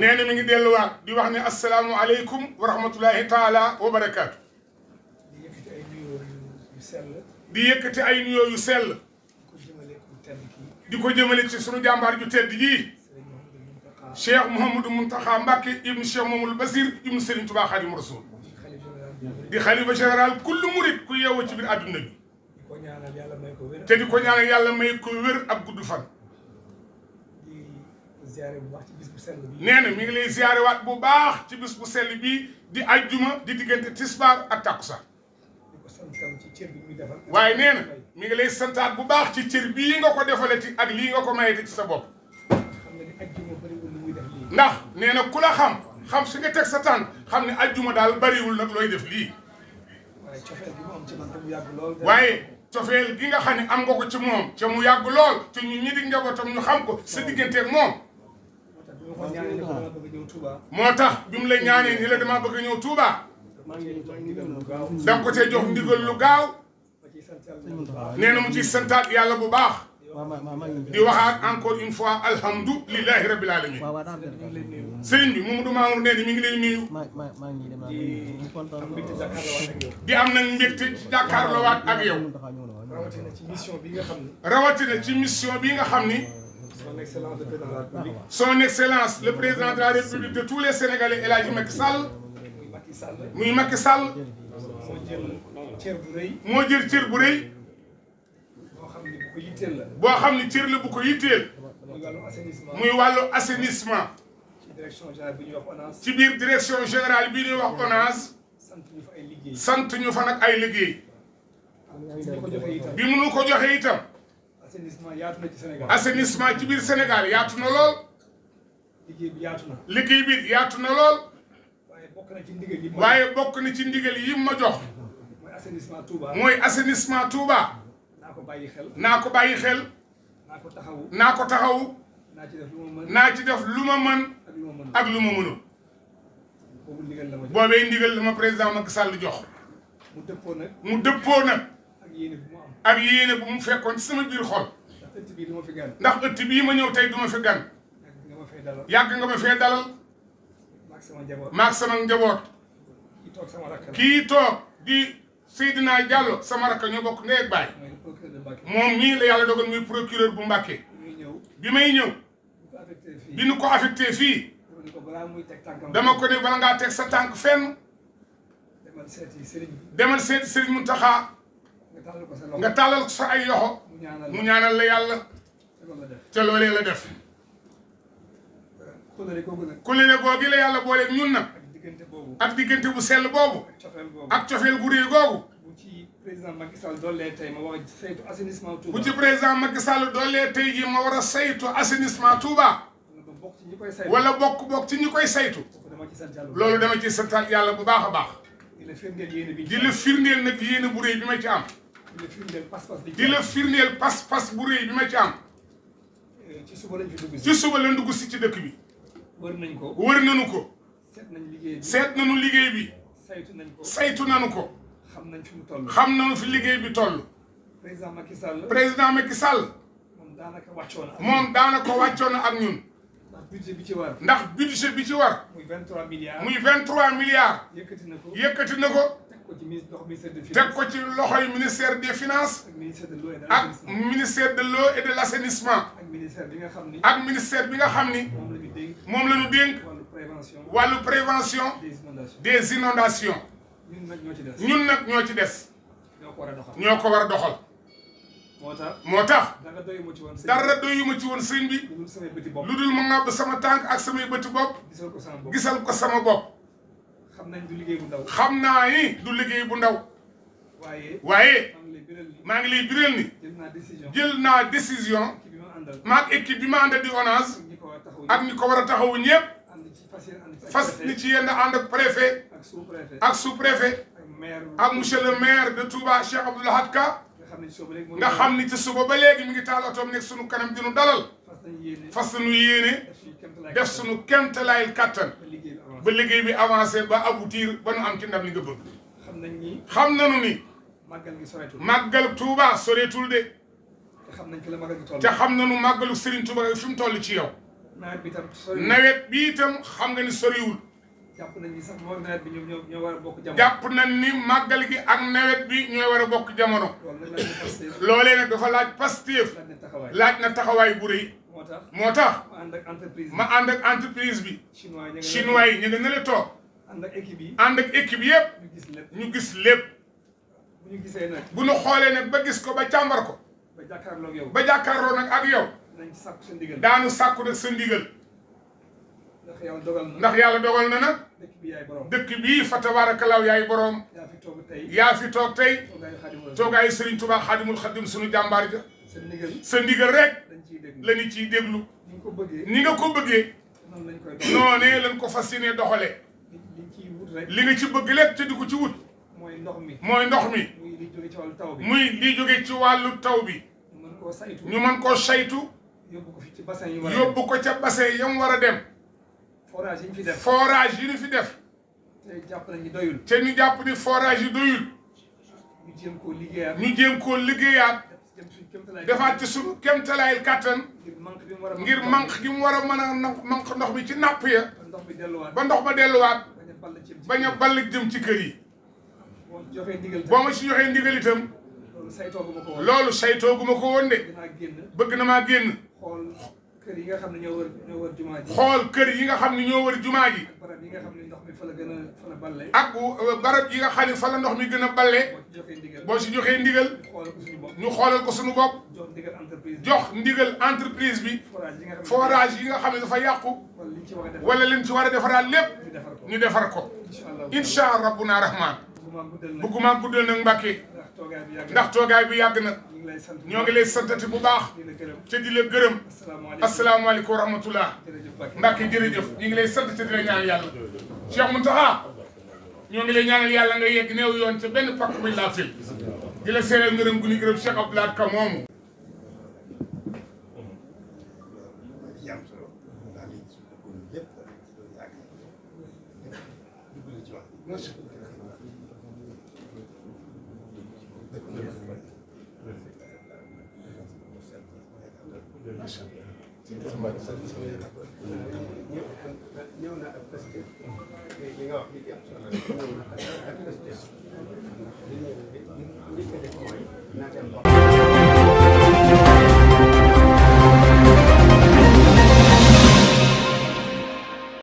nee na mi ngi delluwaat di wax ni asalaamualeykum wa rahmatulahi taala wa di yëkkati ay nuyoo yu sell. di yëkkati ay nuyoo yu sell. di ko jëmale ci sunu jàmbaar ju tedd jii. cheikh Mouhamadou Mountakha Mbacké ibnu cheikh Mouhamadou Basir ibnu Serigne Touba Khadim Rasoul di xalifa général ku yeewoo ci biir adduna bi. te di ko ñaanal yàlla may ko wér ak gudd fan. nee na mi ngi lay ziyaare waat bu baax ci bis bu sell bii di ajjuma di diggante tisbaar ak takkusaan waaye nee na mi ngi lay santaat bu baax ci cër bii nga ko defalati ak lii nga ko mayete ci sa bopp ndax nee na ku xam xam su nga sa tànk xam ne ajjuma daal bariwul nag looy def lii waaye cofeel gi nga xam ne am nga ko ci moom ca mu yàgg lool te ñu ñi di njabootam ñu xam ko sa digganteeg moom moo tax bi mu la ñaanee ni a ñëw Touba. da nga ko cee jox ndigal lu gaaw. nee na mu ciy santaat yàlla bu baax. di waxaat encore une fois alhamdulilahi rabbil alamin. sëriñ bi Mamadou Mamour nee na mi ngi leen nuyu. di am nag mbégte jàkkaarloowaat ak yow. rawatina ci mission bi nga xam ni. son excellence le président de la République. son excellence le président de la République de tous les Sénégalais El Hadji Macky Sall. muy Macky Sall. muy Macky Sall. moo jël cër bu rëy. moo jël cër bu rëy. la. boo xam ne cër la ko yitteel. muy wàllu assainissement. muy wàllu assainissement. ci direction générale bi ñuy wax ONAS. ci biir direction générale bi ñuy wax sant ñu ay liggéey. sant ñu fa nag ay bi mënu ko joxee itam. assainissement yaatu na ci Sénégal. assainissement ci biir Sénégal yaatu na lool. liggéey bi yaatu na. liggéey bi lool. waaye bokk na ci ndigal yi. waaye bokk na ci ndigal yi ma jox. mooy assainissement Touba. mooy assainissement Touba. naa ko bàyyi xel. naa ko bàyyi xel. naa taxawu. naa ko taxawu. naa ci def lu ma mën. naa ci def lu ma mën. ak lu ma mën ak lu ma ndigal ma jox ma président Macky Sall jox. mu dëppoo nag. mu dëppoo nag. ak yéene bu mu fekkoon ci sama biir xol. ndax ma fi gan. ndax ëtt bii ma ñëw tey du ma fi gan. yàgg nga ma fee dalal. yàgg nga ma sama njaboot maak sama njaboot. kii toog sama rakk kii toog di Seydina Diallo sama rakk ñoo bokk ndey ak baay. la yàlla dogal muy procureur bu Mbàkke. bi may ñëw. bi nu ko affecté fii. dama ko ne bala ngaa teg sa tànk fenn. demal seeti Serigne. demal seeti nga tàllal ko sa ay loxo mu ñaanal la yàlla te loolee la def kulile googu la yàlla booleeg ñun nag ak diggante bu sell boobu ak cofeel gu réy googu bu ci président Macky Sall doolee tey ma war a saytu assainissement Touba bu ci président Macky Sall doolee tey ji ma war a saytu assainissement Touba wala bokk bokk ci ñi koy saytu loolu dama ci santaat yàlla bu baax a baax di la firndeel yéene bi di la firndeel nag bi ma ci am. di la firndeel pas-pas bi di la firndeel pas-pas bu rëy ma ci am. Euh, ci suba lañ fi dugg si ci suba dugg si ci dëkk bi. war nañ ko wër nañu ko. seet nañ liggéey bi seet nañu liggéey bi. saytu nañ ko saytu nañu ko. xam nañ fi mu toll. xam nañu fi liggéey bi toll. président Macky Sall. président Macky Sall. moom daanaka wàccoon na ak ñun moom daanaka wàccoon na ak ñun. budget bi ci war. ndax budget bi ci war. muy 23 milliards. muy 23 milliards. yëkkati na ko yëkkati na ko. teg ko ci ministère des finances. teg ko ci loxoy ministère des finances. ak ministère de l'eau et de l'assainissement. ak ministère de l'eau et de l'assainissement. ak ministère bi nga xam ni. ak ministère bi nga xam ni. moom la ñu dénk. moom la ñu dénk. wàllu prévention. wàllu prévention. des inondations des inondations. ñun nag ñoo ci des. ñun nag ñoo ci des. ñoo ko war a doxal ñoo ko war a doxal. moo tax moo tax dara doyu ma ci woon sëñ bi lu dul ma ngàbb sama tànk ak samay bëti bopp gisal ko sama bop xam nañ du liggéey bu ndaw naa ni du liggéey bu ndaw waaye waaye maa ngi lay biral ni jël naa décision maag équipe bi ma àndal di ONAS ak ñi ko war a taxawu ñëpp fas ni ci yenn ànd ak préfet ak sous préfet ak monsieur le de Touba Cheikh Abdoul nga xam ni ci suba ba léegi mi ngi taal otoom nekk sunu kanam di nu dalal fas nu yéene def sunu kemtalaayil kàttan ba liggéey bi avancé ba aboutir ba nu am ci ndam li nga bëgg xam na ni màggal Tuuba soreetul de te xam nu màggalu Sëriñ Tuuba fi mu toll ci yow nawet bi itam xam nga ni soriwul jàpp nañ ni sax moom nawet bi ñoom ñoo war a bokk jamono. jàpp nañ ni màggal gi ak nawet bi ñoo war a bokk jamono. loolee nag dafa laaj Pastef. laaj na taxawaay bu rëy. moo tax moo tax. ma ànd ak entreprise bi ma ànd ak chinois yi ñu nga ne la toog. ànd ak équipe yi ànd ak équipe yëpp. ñu gis lépp ñu gis lépp. bu ñu gisee nag. bu ñu xoolee nag ba gis ko ba càmbar ko. ba jàkkaarloo ak ba jàkkaarloo nag ak yow. daanu sàkku nag sa ndigal. ndax yàlla dogal na ndax yàlla dogal na nag. dëkk bi dëkk bii fa tabaarakalaaw yaay borom. yaa fi toog tey yaa fi toog tey. toogaayu Serigne Touba Xaadimul Xaadim sunu jàmbaar ja. sa ndigal sa rek. la ciy déglu ni nga ko bëggee ni nga ko bëggee. noonee lañ ko fas yéenee doxalee. li nga ci bëgg lépp te di ko ci wut. mooy ndox mi mooy ndox mi. muy liy jóge ci wàllu taw bi muy liy jóge ci wàllu taw bi. ñu mën koo saytu. yóbbu ko ca bassin yi war a dem forage yi ñu fi def forage yi ñu fi def. te jàpp nañu doyul. te ñu jàpp ni forage yi doyul. ñu jéem koo liggéeyaat ñu jéem koo liggéeyaat. defaat ci suñu kéemtalaayil kàttan. ngir manque gi mu war a mën a manque ndox mi ci napp ya. ba ndox ma delluwaat. bañ a ball jëm ci kër yi. boo ma si joxee ndigal itam. loolu saytoo gu ma ko woon bëgg na maa génn. kër yi nga xam ne ñoo wër ñoo wër jumaa ji. xool kër yi nga xam ne ñoo wër jumaa ji. ak barab yi nga xam ne ndox mi gën a fa la balle. ak euh, barab yi nga xam ne fa la ndox mi gën a balle. boo si joxee ndigal ñu xoolal ko suñu bopp. jox ndigal entreprise bi jox bi. yi nga xam ne dafa yàqu. wala liñ ci war a defaraat lépp. ñu defar ko incha allah rabbuna rahman. bëgguma guddal nag mbàkke ndax toogaay bi yàgg na ñoo ngi lay santati bu baax te di la gërëm asalaamaaleykum wa rahmatullah mbàkke jërëjëf ñu ngi lay sant te di la ñaan yàlla Cheikh Mountakha ñoo ngi lay ñaanal yàlla nga yegg neew yoon te benn pakk buñ laa fil di ngërëm gu ñu gërëm Cheikh Abdoulaye Ka moomu li nga wax li ci am solo la ak ak